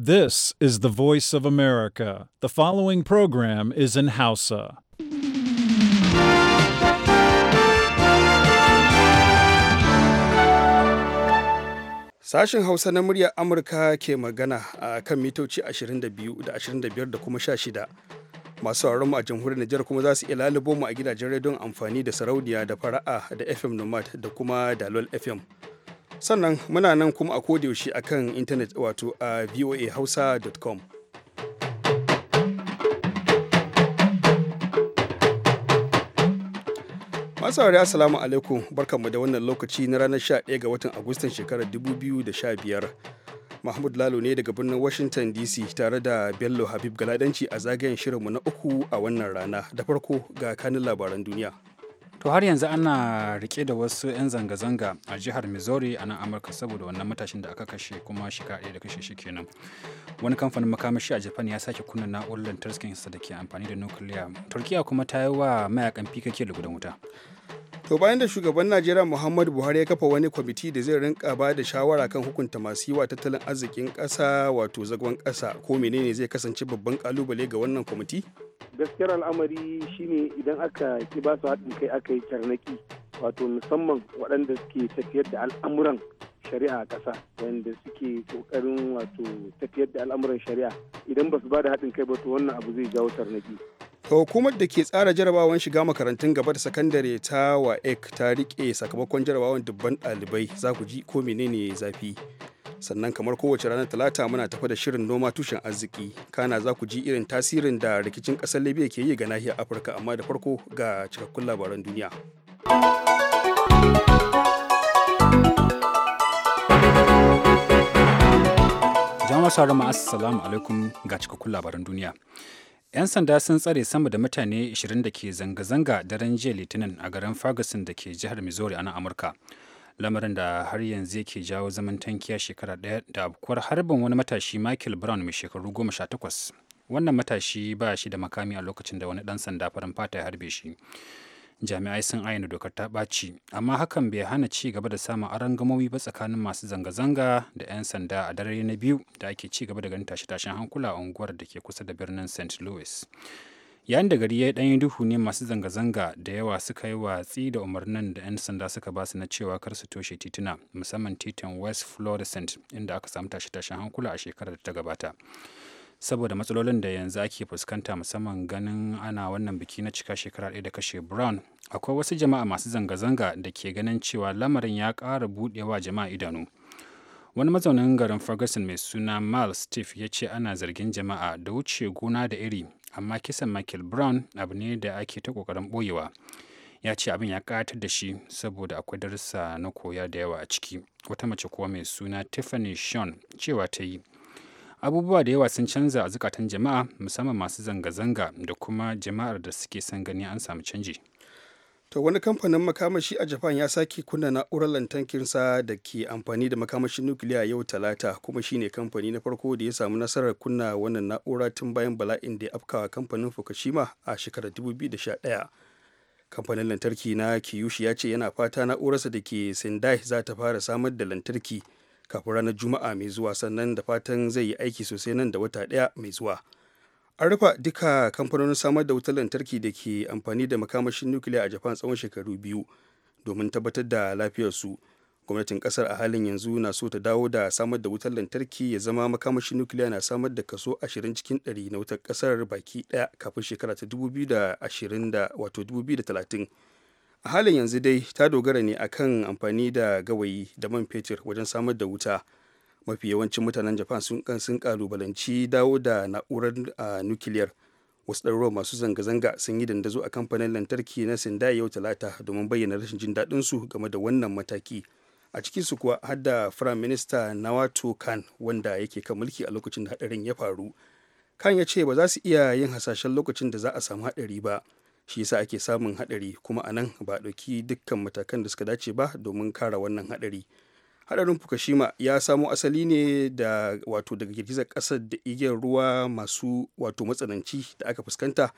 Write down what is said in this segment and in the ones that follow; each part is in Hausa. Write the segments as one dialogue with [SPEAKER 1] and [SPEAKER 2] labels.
[SPEAKER 1] This is the voice of America. The following program is in Hausa.
[SPEAKER 2] Sashen Hausa na muryar Amurka ke magana a kan mitoci 22 da 25 da kuma 16. Masu mu a jamhuriyar Nijar kuma za su iya lalubo mu a gidajen rediyon amfani da sarauniya da fara'a da FM Nomad da kuma Dalol FM. sannan muna nan kuma a kodayaushe a kan intanet wato a voahausa.com masu wari assalamu alaikum barkanmu da wannan lokaci na ranar 11 ga watan agustan shekarar 2015 mahmud lalo ne daga birnin washington dc tare da bello habib galadanci a zagayen shirinmu na uku a wannan rana da farko
[SPEAKER 1] ga kanin labaran duniya to har yanzu ana rike da wasu 'yan zanga-zanga a jihar missouri a nan amurka saboda wannan matashin da aka kashe kuma shi ɗaya da kashe shi kenan wani kamfanin makamashi a japan ya sake kunna na'urar lantarkinsa da ke amfani da nukiliya turkiya kuma ta yi wa mayakan pkk da gudan wuta to bayan da shugaban najeriya muhammadu buhari ya kafa
[SPEAKER 2] wani kwamiti da zai rinka ba da shawara kan hukunta masu yi wa tattalin arzikin ƙasa wato zagon ƙasa ko menene zai kasance babban kalubale ga wannan kwamiti
[SPEAKER 3] gaskiyar al'amari shine idan aka ki ba su haɗin kai aka yi tarnaki wato musamman waɗanda suke tafiyar da al'amuran shari'a a ƙasa wanda suke ƙoƙarin wato tafiyar da al'amuran shari'a idan ba su ba da haɗin kai ba to wannan abu zai jawo tarnaki
[SPEAKER 2] hukumar da ke tsara jarabawan shiga makarantun gaba da sakandare ta wa ek ta rike sakamakon jarabawan dubban dalibai za ku ji ko menene zafi sannan kamar kowace ranar talata muna tafa da shirin noma tushen arziki kana za ku ji irin tasirin da rikicin ƙasar libya ke yi ga nahiyar afirka amma da farko ga cikakkun labaran duniya
[SPEAKER 1] jama'a sauran assalamu alaikum ga cikakkun labaran duniya 'Yan sanda sun tsare sama da mutane 20 da ke zanga-zanga daren jiya Litinin a garin Ferguson da ke jihar Missouri a Amurka. Lamarin da har yanzu yake jawo zaman tankiya shekara ɗaya da abkuwar harbin wani matashi Michael Brown mai shekaru 18. Wannan matashi ba shi da makami a lokacin da wani ɗan sanda farin fata ya harbe shi. jami'ai sun ayyana dokar ta ɓaci amma hakan bai hana ci gaba da samun arangamomi ba tsakanin masu zanga-zanga da 'yan sanda a dare na biyu da ake ci gaba da ganin tashe-tashen hankula a unguwar da ke kusa da birnin st louis yayin da gari ya yi ɗanyen duhu ne masu zanga-zanga da yawa suka yi watsi da umarnin da 'yan sanda suka basu na cewa kar su toshe tituna musamman titin west florissant inda aka samu tashe-tashen hankula a shekarar da ta gabata saboda matsalolin da yanzu ake fuskanta musamman ganin ana wannan biki na cika shekara ɗaya da kashe brown akwai wasu jama'a masu zanga-zanga da ke ganin cewa lamarin ya ƙara buɗewa jama'a idanu wani mazaunin garin ferguson mai suna mal steve ya ce ana zargin jama'a da wuce gona da iri amma kisan michael brown abu ne da ake ta kokarin ɓoyewa ya ce abin ya ƙatar da shi saboda akwai darussa na koya da yawa a ciki wata mace kuwa mai suna tiffany shawn cewa ta yi abubuwa da yawa sun canza a zukatan jama'a musamman masu zanga-zanga da kuma jama'ar da suke son gani an samu canji to wani kamfanin
[SPEAKER 2] makamashi a japan ya sake kunna na'urar lantarkinsa da ke amfani da makamashin nukiliya yau talata kuma shine kamfani na farko da ya samu nasarar kunna wannan na'ura tun bayan bala'in da ya afkawa kamfanin fukushima a shekarar 2011 kamfanin lantarki na kiyushi ya ce yana fata na'urarsa da ke sendai za ta fara samar da lantarki kafin ranar juma'a mai zuwa sannan da fatan zai yi aiki sosai nan da wata ɗaya mai zuwa an rufe duka kamfanonin samar da wutar lantarki da ke amfani da makamashin nukiliya a japan tsawon shekaru biyu domin tabbatar da lafiyarsu gwamnatin kasar a halin yanzu na so ta dawo da samar da wutar lantarki ya zama makamashin nukiliya na samar da kaso 20 cikin 100 na wutar kasar baki daya kafin shekara ta 2020 wato 2030 a halin yanzu dai ta dogara ne akan amfani da gawayi da man fetur wajen samar da wuta mafi yawancin mutanen japan sun kan sun kalubalanci dawo da na'urar nukiliyar wasu ruwa masu zanga-zanga sun yi dandazo a kamfanin lantarki na sindai yau talata domin bayyana rashin jin daɗin su game da wannan mataki a cikin su kuwa har da firayim minista nawato kan wanda yake kan mulki a lokacin da haɗarin ya faru kan ya ce ba za su iya yin hasashen lokacin da za a samu haɗari ba shi yasa ake samun hadari kuma anan nan ba dauki dukkan matakan da suka dace ba domin kara wannan hadari hadarin fukushima ya samo asali ne da wato daga girgizar kasar da igiyar ruwa masu wato matsananci da aka fuskanta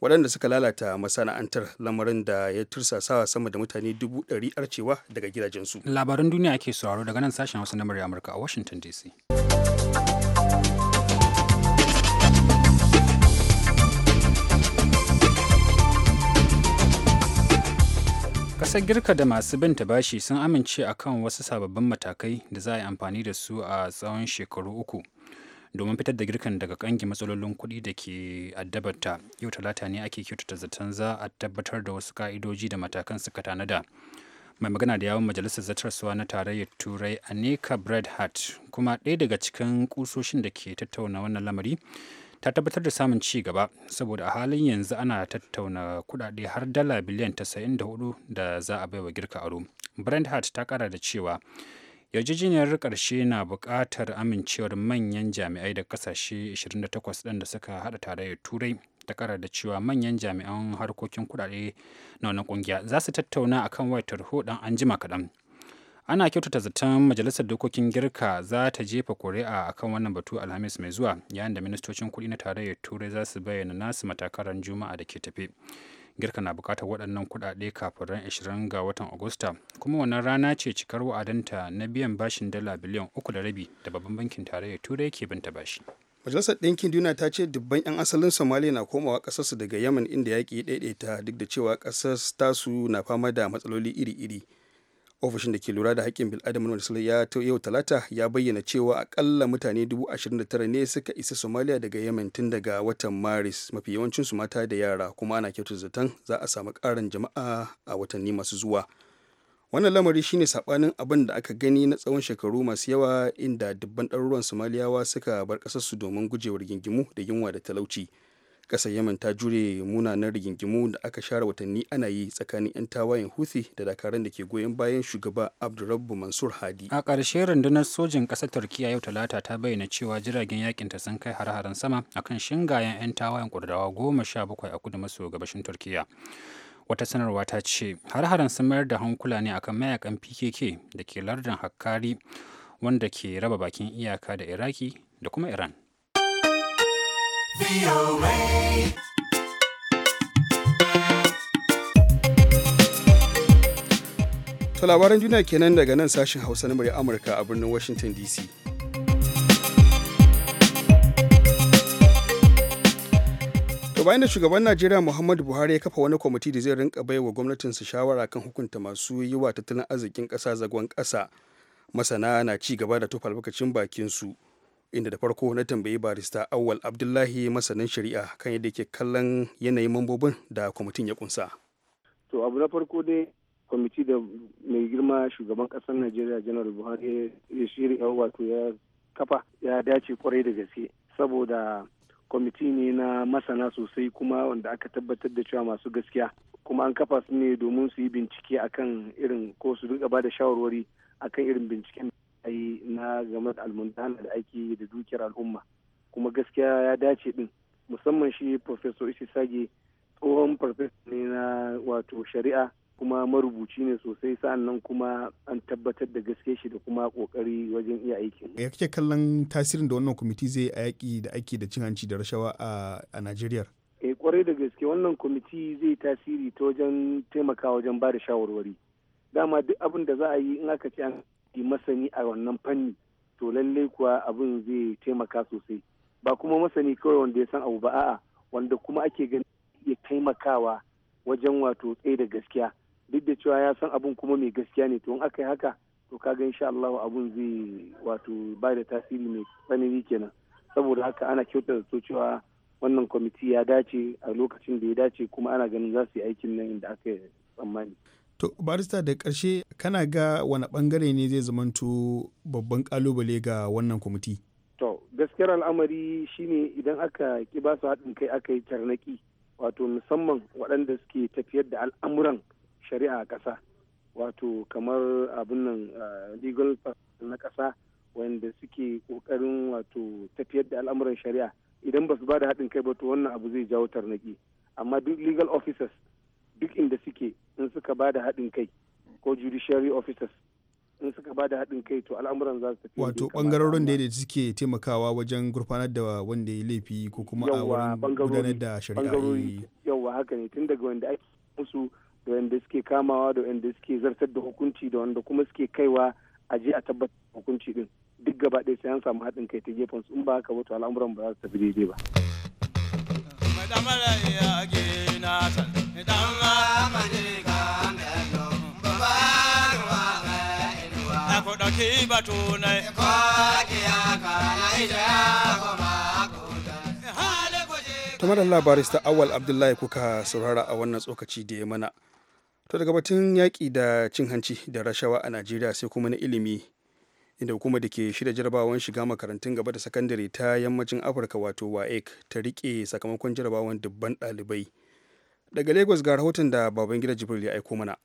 [SPEAKER 2] waɗanda suka lalata masana'antar lamarin da ya tursasa sama da mutane dubu ɗari arcewa daga gidajensu
[SPEAKER 1] labaran duniya ake sauraro daga nan sashen hausa na murya amurka a washington dc Ƙasar Girka da masu bin ta bashi sun amince a kan wasu sababbin matakai da za a yi amfani da su a tsawon shekaru uku domin fitar da girkan daga kangi matsalolin kuɗi da ke addabarta yau talata ne ake kyautata zaton za a tabbatar da wasu ka'idoji da matakan suka tanada. mai magana da yawon majalisar zartarsuwa na tarayyar turai aneka bread hat kuma ɗaya daga cikin ƙusoshin da ke tattauna wannan lamari ta tabbatar da samun ci gaba saboda a halin yanzu ana tattauna kudade har dala biliyan 94 da za a baiwa girka aro brand hart ta kara da cewa yarjejeniyar karshe na bukatar amincewar manyan jami'ai da kasashe 28 ɗin da suka haɗa tarayyar turai ta kara da cewa manyan jami'an harkokin kudade na wannan ƙungiya za su tattauna akan wayar tarho ɗan anjima kaɗan ana kyautata zaton majalisar dokokin girka za ta jefa kuri'a kan wannan batu alhamis mai zuwa yayin da ministocin kuɗi na tarayyar turai za su bayyana nasu matakaran juma'a da ke tafe girka na bukatar waɗannan kuɗaɗe kafin ran 20 ga watan agusta kuma wannan rana ce cikar wa'adanta na biyan bashin dala biliyan uku da rabi da babban bankin tarayyar turai ke binta bashi
[SPEAKER 2] majalisar ɗinkin duniya ta ce dubban 'yan asalin somaliya na komawa ƙasarsu daga yaman inda yaƙi ya ɗaiɗaita duk da cewa ƙasar tasu na fama da matsaloli iri-iri ofishin da ke lura da haƙƙin bil'adama na ya ta yau talata ya bayyana cewa akalla mutane 29 ne suka isa somalia daga yemen tun daga watan maris mafi yawancin su mata da yara kuma ana kyautar zaton za a samu ƙarin jama'a a watanni masu zuwa wannan lamari shine sabanin abin da aka gani na tsawon shekaru masu yawa inda dubban ɗaruruwan somaliyawa suka bar ƙasarsu domin gujewar rigingimu da yunwa da talauci ƙasar yemen ta jure munanan rigingimu da aka share watanni ana yi tsakanin 'yan tawayen huthi da dakaran da ke goyon bayan shugaba abdurrabbu mansur hadi
[SPEAKER 1] a ƙarshe rundunar sojin ƙasar turkiya yau talata ta bayyana cewa jiragen yakin ta sun kai har-haren sama akan shingayen 'yan tawayen kurdawa goma sha bakwai a kudu maso gabashin turkiya wata sanarwa ta ce har-haren sun mayar da hankula ne akan mayakan pkk da ke lardin hakkari wanda ke raba bakin iyaka da iraki da kuma iran
[SPEAKER 4] To
[SPEAKER 2] labaran duniya kenan daga nan sashen Hausa na murya Amurka a birnin Washington DC. To bayan da shugaban Najeriya Muhammadu Buhari ya kafa wani kwamiti da zai rinka bai wa gwamnatinsa shawara kan hukunta masu yi wa tattalin arzikin ƙasa zagon ƙasa. Masana na ci gaba da tofa albarkacin bakin su. inda da farko na tambayi barista awwal abdullahi masanin shari'a kan yadda ke kallon yanayin mambobin da kwamitin ya kunsa
[SPEAKER 3] to abu na farko dai kwamiti da mai girma shugaban kasar najeriya janar buhari ya shirya wato ya kafa ya dace kwarai da gaske saboda kwamiti ne na masana sosai kuma wanda aka tabbatar da cewa masu gaskiya kuma an kafa su ne domin su yi bincike akan irin ko su duka ba da shawarwari akan irin binciken ra'ayi na game da almundana da ake da dukiyar al'umma kuma gaskiya ya dace din musamman shi professor isisage tsohon professor ne na wato shari'a kuma marubuci ne sosai sa'an nan kuma an tabbatar da gaske shi da kuma kokari wajen iya aiki.
[SPEAKER 2] Ya kake kallon tasirin da wannan kwamiti zai yi a yaƙi da ake da cin hanci da rashawa a Najeriya?
[SPEAKER 3] Eh kwarai da gaske wannan kwamiti zai tasiri ta wajen taimaka wajen ba da shawarwari. Dama duk abin da za a yi in aka ce an yi masani a wannan fanni to lallai kuwa abin zai taimaka sosai ba kuma masani kawai wanda ya san abu ba a'a wanda kuma ake gani ya taimakawa wajen wato tsaye da gaskiya duk da cewa ya san abun kuma mai gaskiya ne to in aka yi haka to kaga insha Allah abun zai wato ba da tasiri mai tsanani kenan saboda haka ana kyauta da cewa wannan kwamiti ya dace a lokacin da ya dace kuma ana ganin za su yi aikin nan inda aka yi tsammani
[SPEAKER 2] To barista da karshe kana ga wani ɓangare ne zai zamanto babban ƙalubale ga wannan kwamiti?
[SPEAKER 3] To gaskiyar al'amari shine idan aka ki ba su haɗin kai aka yi tarnaki wato musamman waɗanda suke tafiyar da al'amuran shari'a a ƙasa wato kamar abin nan legal na ƙasa wanda suke ƙoƙarin wato tafiyar da al'amuran shari'a idan ba su ba da haɗin kai ba to wannan abu zai jawo tarnaki amma duk legal officers duk inda suke in suka ba da haɗin kai ko judiciary officers in suka ba da haɗin kai to al'amuran za su tafi wato ɓangarorin da
[SPEAKER 2] suke taimakawa wajen gurfanar da wanda ya laifi ko kuma a wurin gudanar da shari'a eh.
[SPEAKER 3] yawa haka ne tun daga wanda ake musu da wanda suke kamawa da wanda suke zartar da hukunci da wanda kuma suke kaiwa a je a tabbatar hukunci din duk gaba ɗaya sai an samu haɗin kai ta gefen su in ba haka ba to al'amuran ba za su tafi daidai ba.
[SPEAKER 5] hibatu na
[SPEAKER 2] tumar labarai ta awal abdullahi kuka saurara a wannan tsokaci da ya mana to daga batun yaƙi da cin hanci da rashawa a najeriya sai kuma na ilimi inda kuma da ke shirya jarabawan shiga makarantun gaba da sakandare ta yammacin afirka wato waec ta riƙe sakamakon jarabawan dubban ɗalibai daga lagos ga rahoton da baban gida jibril ya aiko mana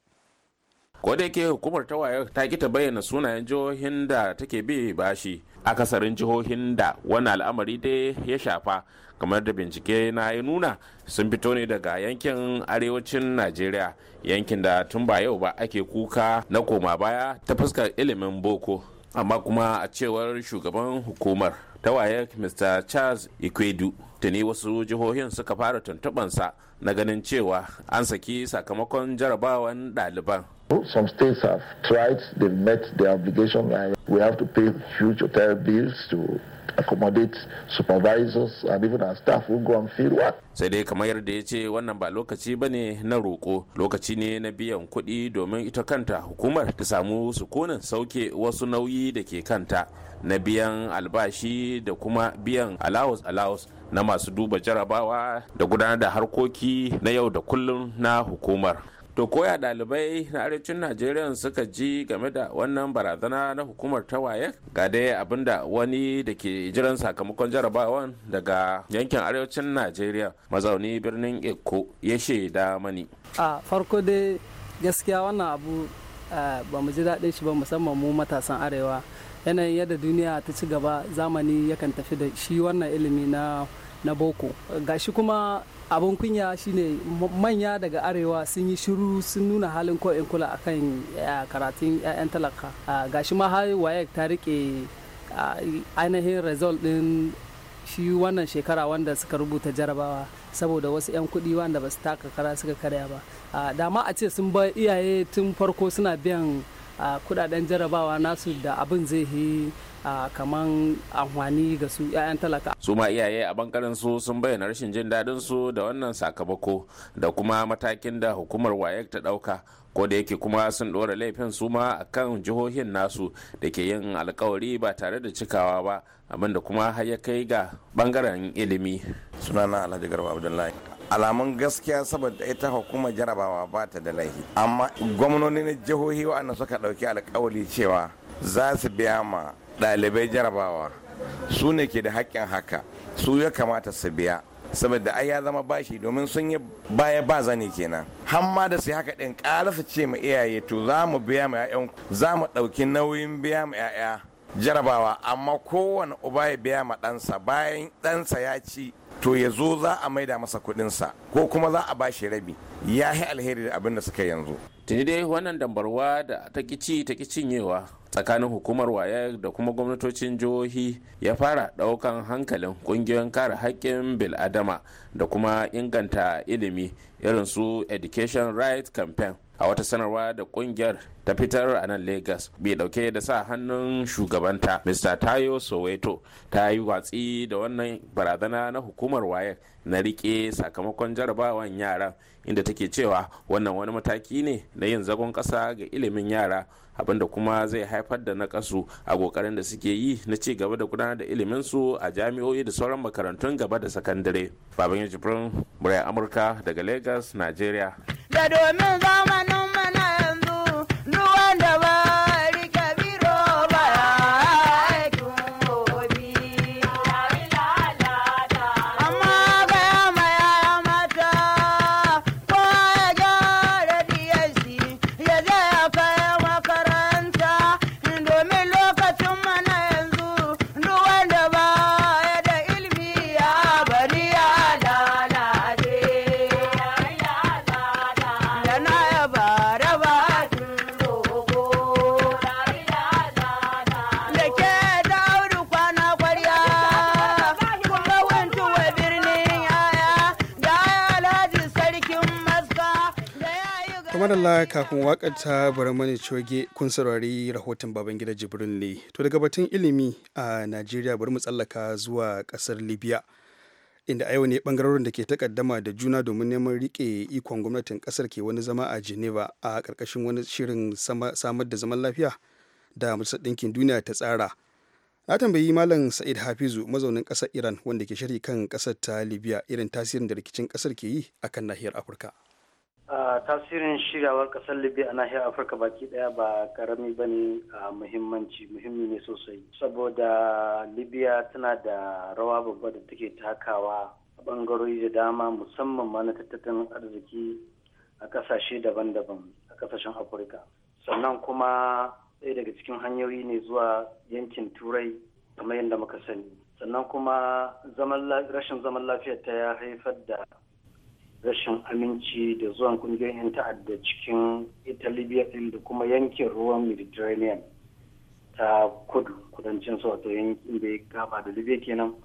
[SPEAKER 4] ko da yake hukumar ta ta ki ta bayyana sunayen jihohin da take bi bashi akasarin jihohin da wani al'amari dai ya shafa kamar da bincike na ya nuna sun fito ne daga yankin arewacin najeriya yankin da tun ba yau ba ake kuka na koma baya ta fuskar ilimin boko amma kuma a cewar shugaban hukumar tawaye waye mr charles ikwedu tuni wasu jihohin suka fara tuntubansa na ganin cewa an saki sakamakon jarabawan ɗaliban Some states have tried, they've met their obligation. and We have to pay huge hotel bills to accommodate supervisors and even our staff who go and field work. sai dai kamar yadda ya ce wannan ba lokaci ba ne na roƙo lokaci ne na biyan kuɗi domin ita kanta hukumar ta samu sukunin sauke wasu nauyi da ke kanta na biyan albashi da kuma biyan allowance allowance na masu duba jarabawa da gudanar da harkoki na yau da kullum na hukumar to koya dalibai na arewacin najeriya suka ji game da wannan barazana na hukumar ta waye ga dai abinda wani da ke jiran sakamakon jarabawan daga yankin arewacin najeriya mazauni birnin eko ya shaida mani
[SPEAKER 5] a farko dai gaskiya wannan abu ba mu ji daɗin shi ba musamman mu matasan arewa yanayin yadda duniya ta ci gaba zamani yakan tafi da shi wannan ilimi na boko ga shi kuma abin kunya shine manya daga arewa sun yi shiru sun nuna halin ko in kula akan eh, karatun 'ya'yan talaka ah, gashi ma har wayek ta rike ah, ainihin result din shi wannan shekara wanda suka rubuta jarabawa saboda wasu 'yan kuɗi wanda ba su taka kara suka karya ba ah, dama a ce sun bar iyaye tun farko suna biyan kudaden jarabawa nasu da abin zai yi kaman amfani ga su 'ya'yan talaka su
[SPEAKER 4] ma iyaye a bankarin su sun bayyana rashin jin daɗin su da wannan sakamako da kuma matakin da hukumar wayek ta ɗauka ko da yake kuma sun ɗora laifin su ma a kan jihohin nasu da ke yin alkawari ba tare da cikawa ba abinda kuma har ya kai ga bangaren ilimi sunana alhaji garba abdullahi alamun gaskiya saboda ita hukumar jarabawa ba ta da laifi amma gwamnoni na jihohi waɗanda suka ɗauki alkawali cewa za su biya ma ɗalibai jarabawa su ne ke da haƙƙin haka su ya kamata su biya saboda ai ya zama bashi domin sun yi baya ba zani kenan har ma da sai haka din su ce ma iyaye to za mu biya ma ƴaƴan za mu ɗauki nauyin biya ma ƴaƴa jarabawa amma kowane uba ya biya ma ɗansa bayan ɗansa ya ci to ya zo za a maida masa kudinsa ko kuma za a bashi rabi ya yi alheri da abin da suka yanzu tuni dai wannan dambarwa da ta kici ta cinyewa tsakanin hukumar waya da kuma gwamnatocin jihohi ya fara daukan hankalin kungiyoyin kare haƙƙin bil'adama da kuma inganta ilimi irin su education rights campaign a wata sanarwa da kungiyar ta fitar a nan lagos bai dauke da sa hannun shugabanta mr tayo soweto ta yi watsi da wannan barazana na hukumar wayar na rike sakamakon jarabawan yara inda take cewa wannan wani mataki ne na yin zagon kasa ga ilimin yara abinda kuma zai haifar da kasu a kokarin da suke yi na ci gaba da gudanar da ilimin su a jami'o'i da sauran makarantun gaba da sakandare baban yajibirin amurka daga lagos nigeria
[SPEAKER 5] La do me da ma no
[SPEAKER 2] madalla kafin wakar ta bari mani coge kun saurari rahoton baban gida jibril ne to daga batun ilimi a najeriya bari mu tsallaka zuwa kasar libya inda a yau ne bangarorin da ke takaddama da juna domin neman rike ikon gwamnatin kasar ke wani zama a geneva a karkashin wani shirin samar da zaman lafiya da majalisar ɗinkin duniya ta tsara na tambayi malam sa'id hafizu mazaunin ƙasar iran wanda ke shiri kan kasar ta libya irin tasirin da rikicin ƙasar ke yi akan nahiyar afirka
[SPEAKER 6] tasirin shiryawar kasar libya a nahiyar afirka baki daya ba karami ba ne a muhimmanci muhimmi ne sosai saboda libya tana da rawa babba da take takawa a bangarori da dama musamman ma na tattalin arziki a kasashe daban-daban a kasashen afirka sannan kuma ɗaya daga cikin hanyoyi ne zuwa yankin turai kamar yadda muka sani sannan kuma rashin zaman lafiyar ta ya haifar da rashin aminci da zuwan kungiyoyin 'yan ta'adda cikin ita libya din da kuma yankin ruwan mediterranean ta kudu kudancin su wato yankin da ya gaba da libya kenan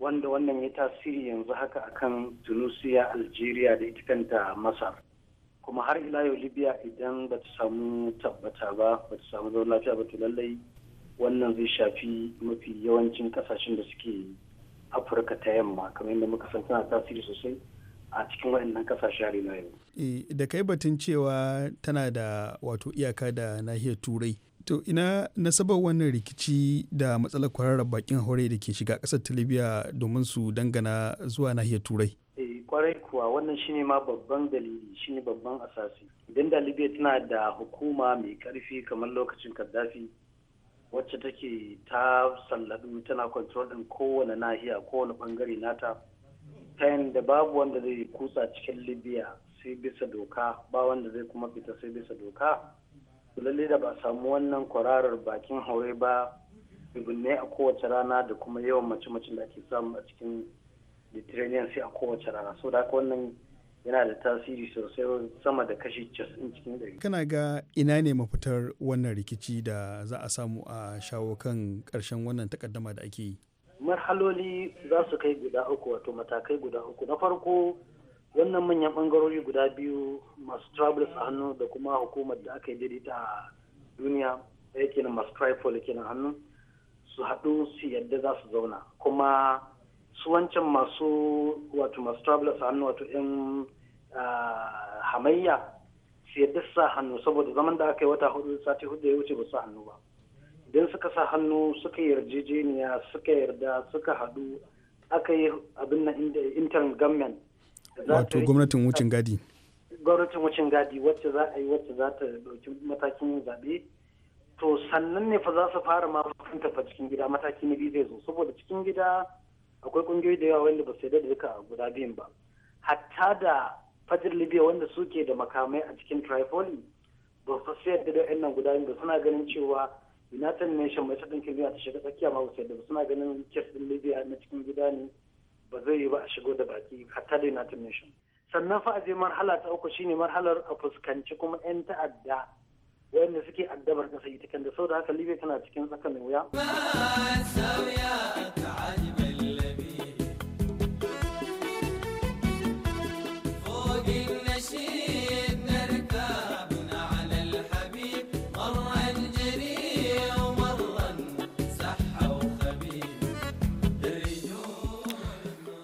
[SPEAKER 6] wanda wannan ya tasiri yanzu haka akan tunisia algeria da ita kanta masar kuma har ila yau libya idan ba ta samu tabbata ba ba ta samu zaune lafiya ba to lallai wannan zai shafi mafi yawancin kasashen da suke afirka ta yamma kamar yadda muka san tana tasiri sosai a cikin waɗannan kasashe na yau.
[SPEAKER 2] E, da kai batun cewa tana da wato iyaka da nahiyar turai to ina nasabar wannan rikici da matsalar kwararar bakin haure da ke shiga ƙasar talibiya domin su dangana zuwa nahiyar turai
[SPEAKER 6] e, kwarai kuwa wannan shine ma babban dalili shine babban asasi idan da libya tana da hukuma mai karfi kamar lokacin kaddafi wacce take ta salladu tana kwantrol ɗin kowane nahiya kowane ɓangare nata ta da babu wanda zai kutsa cikin libya sai bisa doka ba wanda zai kuma fita sai bisa doka lalle da ba samu wannan kwararar bakin haure ba ne a kowace rana da kuma yawan mace-macen da ake samu a cikin mediterranean sai a kowace rana so da haka wannan yana da tasiri sosai sama da kashi 90 cikin dari
[SPEAKER 2] kana ga ina ne mafitar wannan rikici da za a samu a shawo kan ƙarshen wannan takaddama da ake yi
[SPEAKER 6] marhaloli za su kai guda uku wato matakai guda uku na farko wannan manyan bangarori guda biyu masu travelers a hannu da kuma hukumar da aka yi ta a duniya ɗaya na masu tripol na hannu su haɗu su yadda za su zauna
[SPEAKER 7] kuma
[SPEAKER 6] su wancan masu wato masu travelers a hannu wato 'yan hamayya su yadda su sa hannu saboda zaman da aka yi wata hudu sati hudu ya wuce ba su hannu ba don suka sa hannu suka yarjejeniya suka yarda suka haɗu aka yi abin na intern government wato gwamnatin wucin gadi gwamnatin wucin gadi wacce za a yi wacce za ta dauki matakin zaɓe to sannan ne fa za su fara ma hukunta fa cikin gida mataki na biyu zai zo saboda cikin gida akwai kungiyoyi da yawa wanda ba su yarda da duka guda biyun ba hatta da fajir libya wanda suke da makamai a cikin tripoli ba su yarda da yan nan guda biyu ba suna ganin cewa united nation mai tsadin kimiyya ta shiga tsakiya ma wasu yadda suna ganin kes ɗin libya na cikin gida ne ba zai yi ba a shigo da baki hatta da united nation sannan fa a je marhala ta uku shine marhalar a fuskanci kuma 'yan ta'adda wanda suke addabar kasa ita kan da saboda haka libya tana cikin tsakanin wuya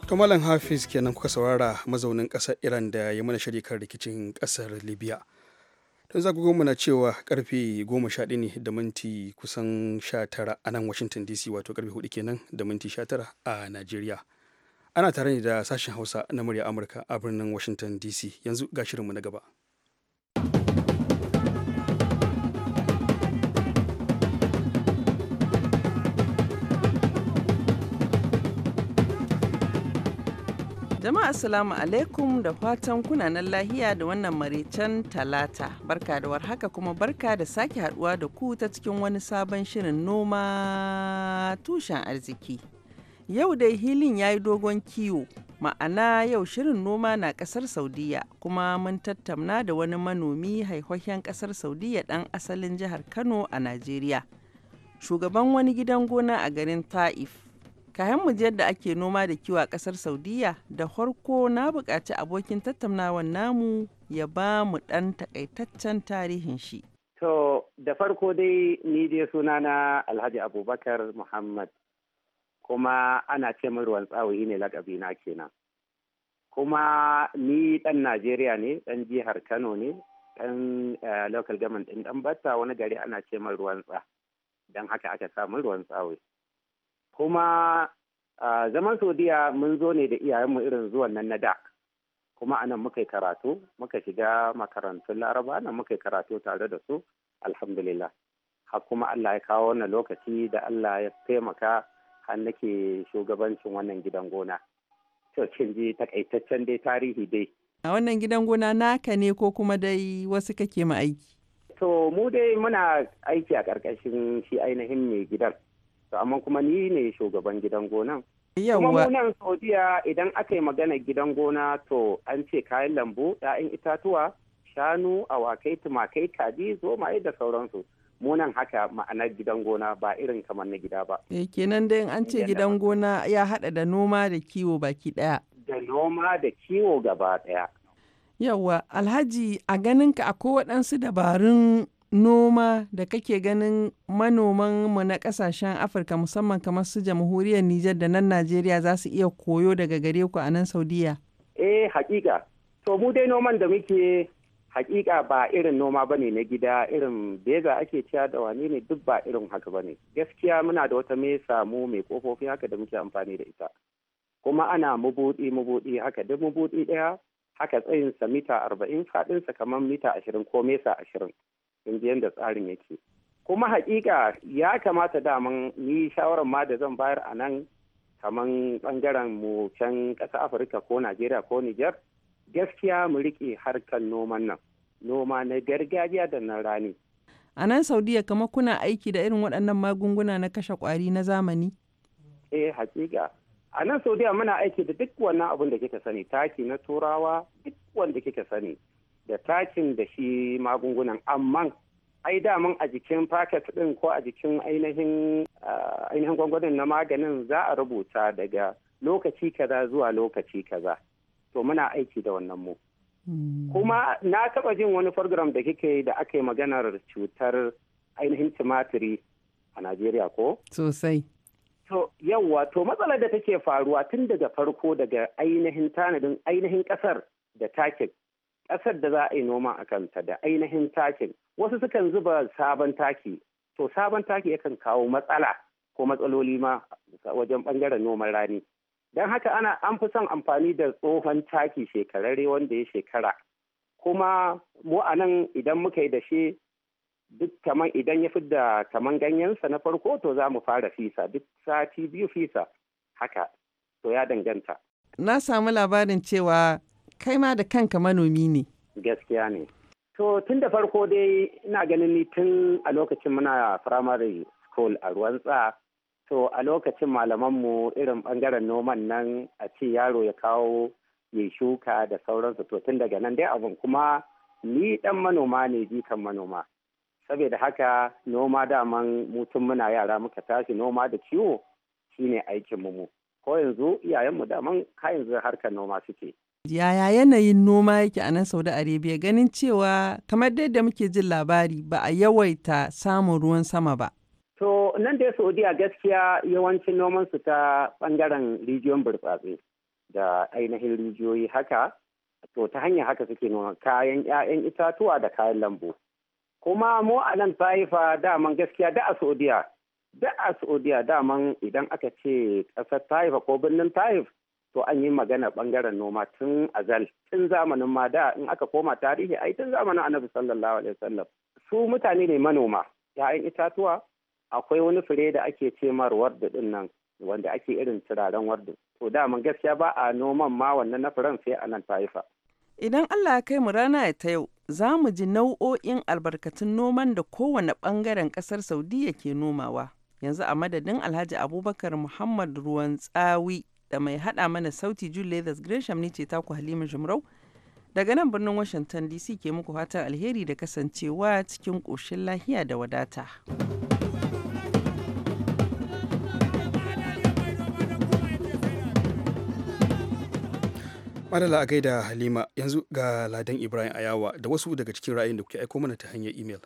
[SPEAKER 2] to malam hafiz kenan kuka saurara mazaunin kasar iran da ya mana shari kan rikicin ƙasar libya don za ku na cewa karfe goma sha ne da minti kusan sha tara a nan washington dc wato karfe hudu kenan da minti sha tara a nigeria ana tare ne da sashen hausa na murya amurka a birnin washington dc yanzu ga shirinmu na gaba
[SPEAKER 5] Jama'a Assalamu alaikum da fatan kunanan lahiya da wannan maraicen talata. Barka da warhaka kuma barka da sake haduwa da ku ta cikin wani sabon shirin noma tushen arziki. Yau dai hilin ya yi dogon kiwo, ma'ana yau shirin noma na kasar Saudiya kuma mun tattauna da wani manomi haihuhen kasar Saudiya dan asalin jihar Kano a Najeriya. Shugaban wani gidan gona a garin Ta'if Kayan mu yadda ake noma da kiwo a kasar Saudiya, da farko na bukaci abokin tattaunawar namu ya ba mu ɗan takaitaccen tarihin shi.
[SPEAKER 7] To, da farko dai ni dai sunana Alhaji Abubakar Muhammad, kuma ana ce min ruwan tsawi ne lakabi na kenan. Kuma ni ɗan Najeriya ne, ɗan jihar Kano ne, ɗan eh, local government ɗin ɗan Batta wani gari ana ce min ruwan tsa. Don haka aka samu ruwan tsawi. kuma a zaman saudiya mun zo ne da iyayenmu irin zuwan nan na da kuma a nan muka yi karatu muka shiga makarantun laraba nan muka yi karatu tare da su alhamdulillah har kuma allah ya kawo wannan lokaci da allah ya taimaka har nake shugabancin wannan gidan gona to kin ji takaitaccen dai tarihi dai
[SPEAKER 5] a wannan gidan gona naka ne ko kuma dai wasu kake ma aiki to mu dai muna
[SPEAKER 7] aiki a ƙarƙashin shi ainihin mai gidan amma kuma ni ne shugaban gidan gonan kuma munan saudiya idan aka yi magana gidan gona to an ce kayan lambu 'ya'yan itatuwa shanu awakai tumakai kaji zomaye da sauransu munan haka ma'anar gidan gona ba irin kamar na gida ba.
[SPEAKER 5] E kenan dai an ce gidan gona ya haɗa da noma da kiwo baki ɗaya.
[SPEAKER 7] Da noma da kiwo gaba ɗaya.
[SPEAKER 5] Yawwa Alhaji a ganinka akwai waɗansu dabarun noma da kake ganin manoman mu na kasashen Afirka musamman kamar su jamhuriyar Nijar da nan Najeriya za su iya koyo daga gare ku a nan Saudiya?
[SPEAKER 7] Eh hakika. To mu dai noman da muke hakika ba irin noma bane na gida irin beza ake ciya da wani ne duk ba irin haka ba ne Gaskiya muna da wata mesa mu mai kofofi haka da muke amfani da ita. Kuma ana mabuɗi mabuɗi haka duk mabuɗi daya haka tsayinsa mita arba'in faɗinsa kamar mita ashirin ko mesa ashirin. in ji yadda tsarin yake kuma haƙiƙa ya kamata daman ni shawarar ma da zan bayar a nan kaman bangaren mu can ƙasa afirka ko najeriya ko niger gaskiya mu riƙe harkar noman nan noma na gargajiya da na rani
[SPEAKER 5] a nan saudiya kama kuna aiki da irin waɗannan magunguna na kashe ƙwari na zamani
[SPEAKER 7] eh hakika a nan saudiya muna aiki da duk wannan abin da kika sani taki na turawa duk wanda kika sani da takin da shi magungunan amma ai daman a jikin paket din ko a jikin ainihin ah, ainihin gwangwanin na maganin za a rubuta daga lokaci kaza zuwa lokaci kaza to muna aiki da wannan mu hmm. kuma na taba jin wani program da kike da aka yi maganar cutar ainihin tumatiri a najeriya ko sosai to yawwa to matsalar da take faruwa tun daga farko daga ainihin tanadin ainihin kasar da takin ƙasar da za a yi noma a kanta da ainihin takin wasu sukan zuba sabon taki to sabon taki yakan kawo matsala ko matsaloli ma wajen ɓangaren noman rani don haka ana an fi son amfani da tsohon taki shekararre wanda ya shekara kuma mu a nan idan muka yi da shi duk kaman idan ya fidda kaman ganyensa na farko to za mu fara fisa duk sati biyu fisa haka to ya
[SPEAKER 5] danganta na samu labarin cewa kai ma da kanka manomi ne. Gaskiya ne.
[SPEAKER 7] To tun da farko dai ina ganin ni tun a lokacin muna firamare school a ruwan tsa. To a lokacin malamanmu irin bangaren noman nan a ce yaro ya kawo ya shuka da sauransu to tun daga nan dai abin kuma ni dan manoma ne jikan manoma. Saboda haka noma daman mutum muna yara muka tashi noma da ciwo shine aikin mu. Ko yanzu iyayenmu daman ka yanzu harkar noma suke.
[SPEAKER 5] Yaya yanayin noma yake a nan Saudi Arabia ganin cewa kamar dai da muke jin labari ba a yawaita samun ruwan sama ba.
[SPEAKER 7] To nan dai Saudiya gaskiya yawancin noman su ta bangaren rijiyon burtsatse da ainihin rijiyoyi haka to ta hanyar haka suke noma kayan 'ya'yan itatuwa da kayan lambu. Kuma mu a nan taifa daman gaskiya da a Saudiya da a Saudiya daman idan aka ce ƙasar Taif ko birnin Taif to an yi magana bangaren noma tun azal tun zamanin ma da in aka koma tarihi ai tun zamanin annabi sallallahu alaihi wasallam su mutane ne manoma ya'yan itatuwa akwai wani fure da ake ce marwar da nan wanda ake irin turaren wardu to daman gaskiya ba a noman ma wannan na furen sai a nan taifa
[SPEAKER 5] idan Allah ya kai mu rana ta yau za mu ji nau'o'in albarkatun noman da kowane bangaren kasar Saudiya ke nomawa yanzu a madadin Alhaji Abubakar Muhammad Ruwan Tsawi da mai hada mana sauti Jude Leathers Gresham ne ce taku Halima Jumrau. Daga nan birnin Washington DC ke muku fatan alheri da kasancewa cikin ƙoshin lahiya da wadata.
[SPEAKER 2] Madala a gaida Halima yanzu ga Ladan Ibrahim Ayawa da wasu daga cikin ra'ayin da kuke aiko mana ta hanyar imel.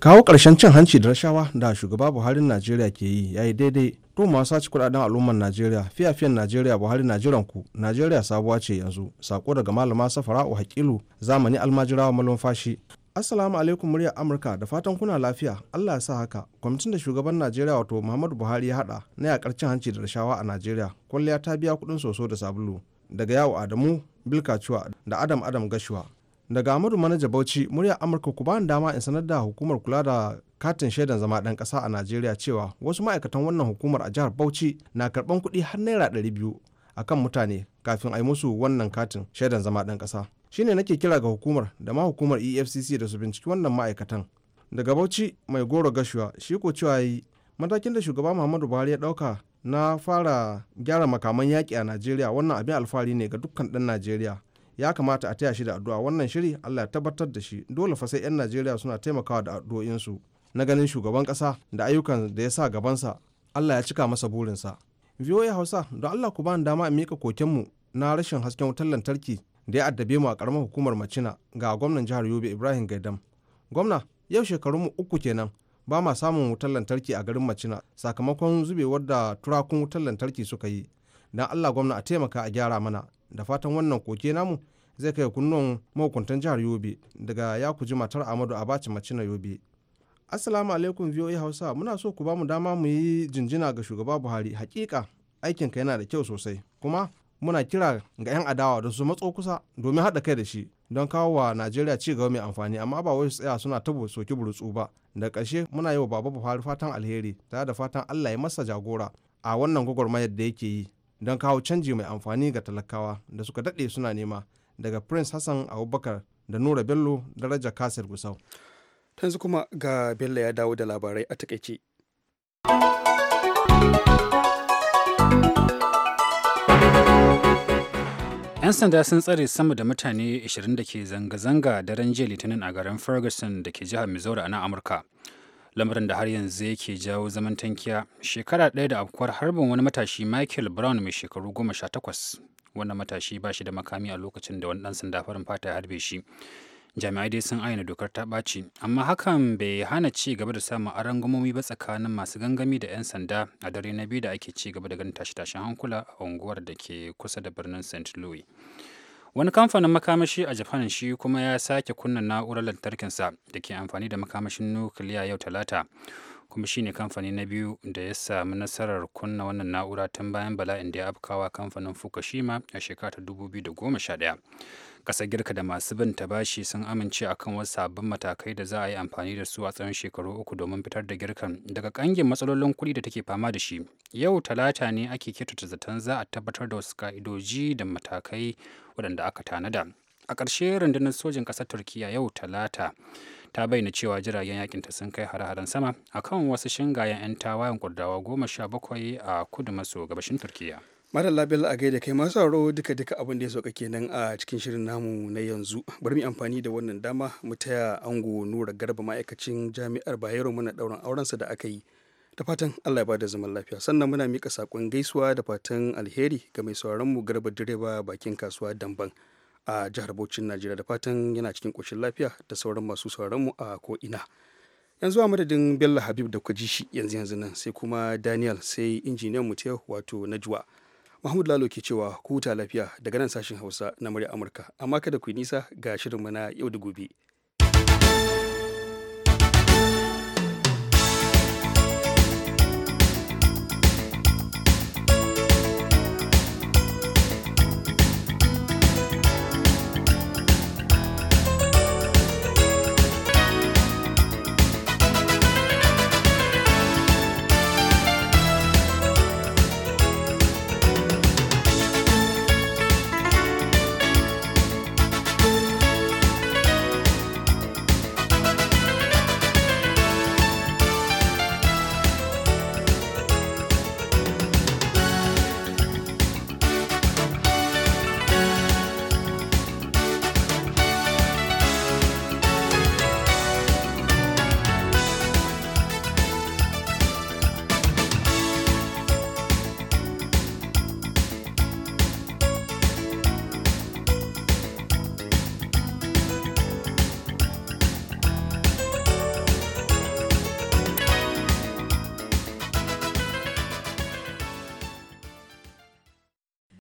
[SPEAKER 8] kawo ƙarshen cin hanci da rashawa da shugaba buhari najeriya ke yi ya yi daidai to masu sace kudaden al'ummar najeriya fiyafiyan najeriya buhari na jiran ku najeriya sabuwa ce yanzu sako daga malama safara'u hakilu zamani almajirawa malumfashi assalamu alaikum muryar amurka da fatan kuna lafiya allah ya sa haka kwamitin da shugaban najeriya wato muhammadu buhari ya hada na yakar cin hanci da rashawa a najeriya kwalliya ta biya kudin soso da sabulu daga yawo adamu bilkacuwa da adam adam gashuwa daga amadu manaja bauchi murya amurka ku bani dama in sanar da hukumar kula da katin shaidan zama ɗan ƙasa a najeriya cewa wasu ma'aikatan wannan hukumar a jihar bauchi na karɓan kuɗi har naira ɗari biyu a kan mutane kafin a yi musu wannan katin shaidan zama ɗan ƙasa shine nake kira ga hukumar da ma hukumar efcc da su binciki wannan ma'aikatan daga bauchi mai goro gashuwa shi ko cewa yi matakin da shugaba muhammadu buhari ya ɗauka na fara gyara makaman yaƙi a najeriya wannan abin alfahari ne ga dukkan ɗan najeriya ya kamata a taya shi da addu'a wannan shiri Allah ya tabbatar da shi dole fa sai 'yan Najeriya suna taimakawa da addu'o'insu na ganin shugaban ƙasa da ayyukan da ya sa gabansa Allah ya cika masa burinsa. VOA Hausa don Allah ku ba ni dama in mika mu na rashin hasken wutar lantarki da ya addabe mu a karamar hukumar Macina ga gwamnan jihar Yobe Ibrahim Gaidam. Gwamna yau shekarunmu uku kenan ba ma samun wutar lantarki a garin Macina sakamakon zubewar da turakun wutar lantarki suka yi. don Allah gwamna a taimaka a gyara mana da fatan wannan koke namu zai kai kunnon mahukuntan jihar yobe daga ya kuji matar amadu abaci mace na yobe assalamu alaikum voa hausa muna so ku bamu dama mu yi jinjina ga shugaba buhari hakika aikinka yana da kyau sosai kuma muna kira ga 'yan adawa da su matso kusa domin haɗa kai da shi don kawo wa najeriya ci gaba mai amfani amma ba wai su tsaya suna ta soki burutsu ba da ƙarshe muna yi wa baba buhari fatan alheri tare da fatan allah ya masa jagora a wannan gwagwarmayar da yake yi don kawo canji mai amfani ga talakawa da suka daɗe suna nema daga prince hassan abubakar da nura bello daraja kasir gusau yanzu kuma ga bello ya
[SPEAKER 2] dawo da labarai
[SPEAKER 8] a takaice
[SPEAKER 1] yan sanda sun tsare sama da mutane 20 da ke zanga-zanga daren jiya litinin a garin ferguson da ke jihar missouri a nan amurka lamarin da har yanzu yake jawo zaman tankiya shekara ɗaya da afkuwar harbin wani matashi michael brown mai shekaru goma sha takwas wannan matashi ba shi da makami a lokacin da wani ɗan sanda farin fata ya harbe shi jami'ai dai sun ayyana dokar ta ɓaci amma hakan bai hana ci gaba da samun arangumomi ba tsakanin masu gangami da 'yan sanda a dare na biyu da ake ci gaba da ganin tashe-tashen hankula a unguwar da ke kusa da birnin st louis wani kamfanin makamashi a japan shi kuma ya sake kunna na'urar lantarkinsa da ke amfani da makamashin nukiliya yau talata kuma shi ne kamfani na biyu da ya sami nasarar kunna wannan na'ura tun bayan bala'in da ya afkawa kamfanin fukushima a shekara ta 2011 Ƙasar Girka da masu bin ta bashi sun amince akan wasu sabbin matakai da za a yi amfani da su a tsawon shekaru uku domin fitar da Girkan daga ƙangin matsalolin kuɗi da take fama da shi. Yau talata ne ake kyautata zaton za a tabbatar da wasu ka'idoji da matakai waɗanda aka tanada. a ƙarshe rundunar sojin ƙasar turkiya yau talata ta bayyana cewa jiragen yakinta sun kai hare-haren sama akan wasu shingayen 'yan tawayen kurdawa goma sha bakwai a kudu maso gabashin turkiya
[SPEAKER 2] Mara bello a gaida kai masu sauraro duka duka abin da ya sauka kenan a cikin shirin namu na yanzu. Bari mu amfani da wannan dama mu taya ango Nura Garba ma'aikacin Jami'ar Bayero muna auren aurensa da aka yi. Da fatan Allah ya bada zaman lafiya. Sannan muna mika sakon gaisuwa da fatan alheri ga mai sauraron mu Garba direba bakin kasuwa Damban a jihar Bauchin Najeriya da fatan yana cikin koshin lafiya da sauran masu sauraron mu a ko ina. yanzu a madadin bello habib da kujishi yanzu yanzu nan sai kuma daniel sai injiniyan mu ta wato najwa Mahmud Lalo ke cewa ku huta lafiya daga nan sashin Hausa na murya Amurka amma kada ku yi nisa ga shirin mana yau da gobe.